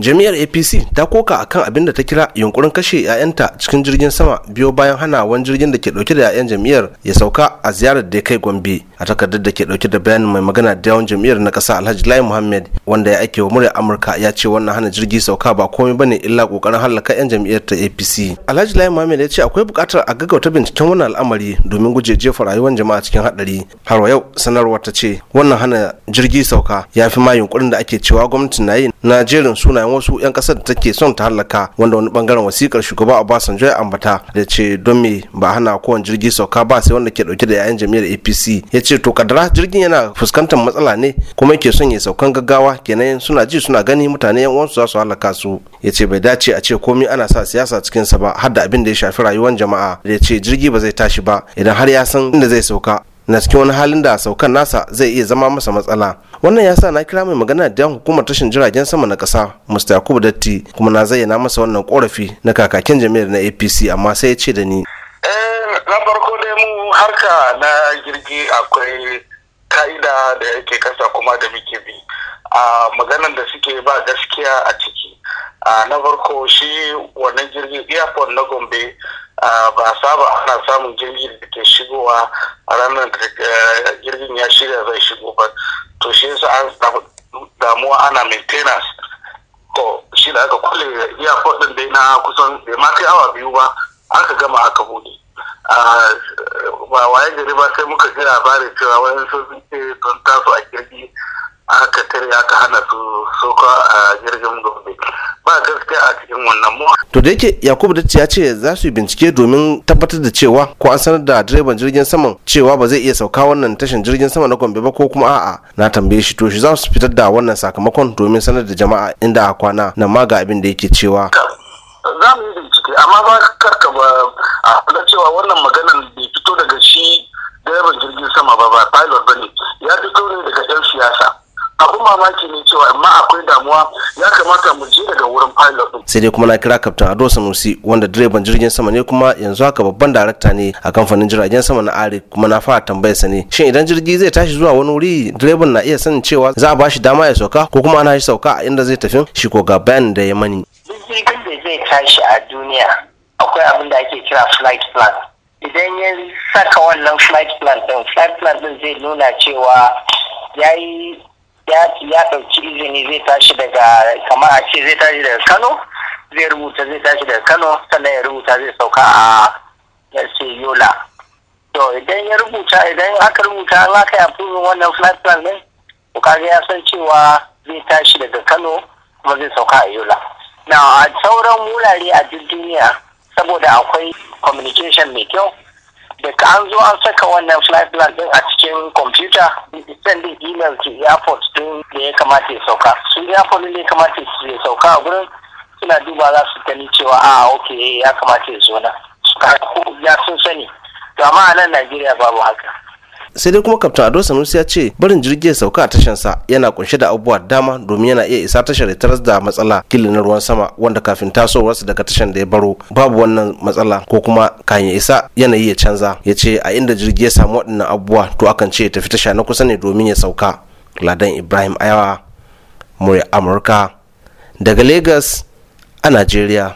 jami'ar apc ta koka akan abin da ta kira yunkurin kashe 'ya'yanta cikin jirgin sama biyo bayan hana wani jirgin da ke dauke da 'ya'yan jami'ar ya sauka a ziyarar da ya kai gombe a takardar da ke dauke da bayanin mai magana da yawan jam'iyyar na kasa alhaji lai muhammad wanda ya aike wa murya amurka ya ce wannan hana jirgi sauka ba komai ba ne illa kokarin halaka yan jam'iyyar ta apc alhaji lai muhammad ya ce akwai buƙatar a gaggauta binciken wannan al'amari domin guje jefa rayuwar jama'a cikin hadari har wa yau sanarwar ta ce wannan hana jirgi sauka ya fi ma yunkurin da ake cewa gwamnati na yi na jerin sunayen wasu yan kasar da take son ta halaka wanda wani bangaren wasikar shugaba obasanjo ya ambata da ce don me ba hana kowane jirgi sauka ba sai wanda ke dauke da yayan jam'iyyar apc ya ce ce to kadara jirgin yana fuskantar matsala ne kuma yake son ya saukan gaggawa kenan suna ji suna gani mutane yan uwansu za su halaka su ya ce bai dace a ce komai ana sa siyasa cikin sa ba har da abin da ya shafi rayuwar jama'a ya ce jirgi ba zai tashi ba idan har ya san inda zai sauka na cikin wani halin da saukan nasa zai iya zama masa matsala wannan ya sa na kira mai magana da hukumar tashin jiragen sama na kasa mr yakubu datti kuma na zayyana masa wannan korafi na kakakin jami'ar na apc amma sai ya ce da ni eh, na mu harka na jirgi akwai ka'ida da yake kasa kuma da muke bi a maganan da suke ba gaskiya a ciki na farko shi wannan jirgin airport na gombe ba saba ana samun jirgin da ke shigowa a ranar da eh, jirgin ya shirya zai shigo ba to shi yasa an damuwa ana maintenance to shi da aka kulle airport din dai na kusan bai ma kai awa biyu ba aka gama aka bude ba waye gari ba sai muka ji labarin cewa wani sun ce don taso a kirji aka tare aka hana su soka a jirgin gobe, ba gaskiya a cikin wannan mu. to da yake yakubu da ya ce za su yi bincike domin tabbatar da cewa ko an sanar da direban jirgin saman cewa ba zai iya sauka wannan tashin jirgin sama na gombe ba ko kuma a'a na tambaye shi to shi za su fitar da wannan sakamakon domin sanar da jama'a inda a kwana nan ma ga abin da yake cewa. za mu yi bincike amma ba karka ba a kula cewa wannan maganan bai fito daga shi direban jirgin sama ba ba pilot ba ne ya fito ne daga 'yan siyasa abin mamaki ne cewa amma akwai damuwa ya kamata mu je daga wurin pilot din sai dai kuma na kira kaftan Ado Samusi, wanda direban jirgin sama ne kuma yanzu haka babban darakta ne a kamfanin jiragen sama na Ari kuma na fara tambayar sa ne shin idan jirgi zai tashi zuwa wani wuri direban na iya sanin cewa za a bashi dama ya sauka ko kuma ana shi sauka a inda zai tafi shi ko ga bayanin da ya mani jirgin da zai tashi a duniya akwai abin da ake kira flight plan idan ya saka wannan flight plan din flight plan din zai nuna cewa ya yi ya ɗauki izini zai tashi daga kamar a ce zai tashi daga kano zai rubuta zai tashi daga kano sannan ya rubuta zai sauka a yarce yola to idan ya rubuta idan aka rubuta an aka ya fi wannan flight plan din to kaga ya san cewa zai tashi daga kano kuma zai sauka a yola na a sauran wurare a duk duniya saboda akwai communication mai kyau da an zo an saka wannan flight plan din a cikin kwamfuta sending email to airport din da ya kamata ya sauka su airport din da ya kamata ya sauka a gurin suna duba za su gani cewa a ah, ok ya kamata ya zo na ya sun sani to amma a nan najeriya babu haka sai dai kuma kaftan ado sanusi ya ce barin jirgi ya sauka a tashansa yana kunshe da abubuwa dama domin yana iya isa tashar ya taras da matsala kila na ruwan sama wanda kafin tasowarsa daga tashan da ya baro babu wannan matsala ko kuma kan ya isa yanayi ya canza ya ce a inda jirgi ya samu waɗannan abubuwa to akan ce ya tafi tasha na kusa ne domin ya sauka ladan ibrahim ayawa murya amurka daga lagos a nigeria.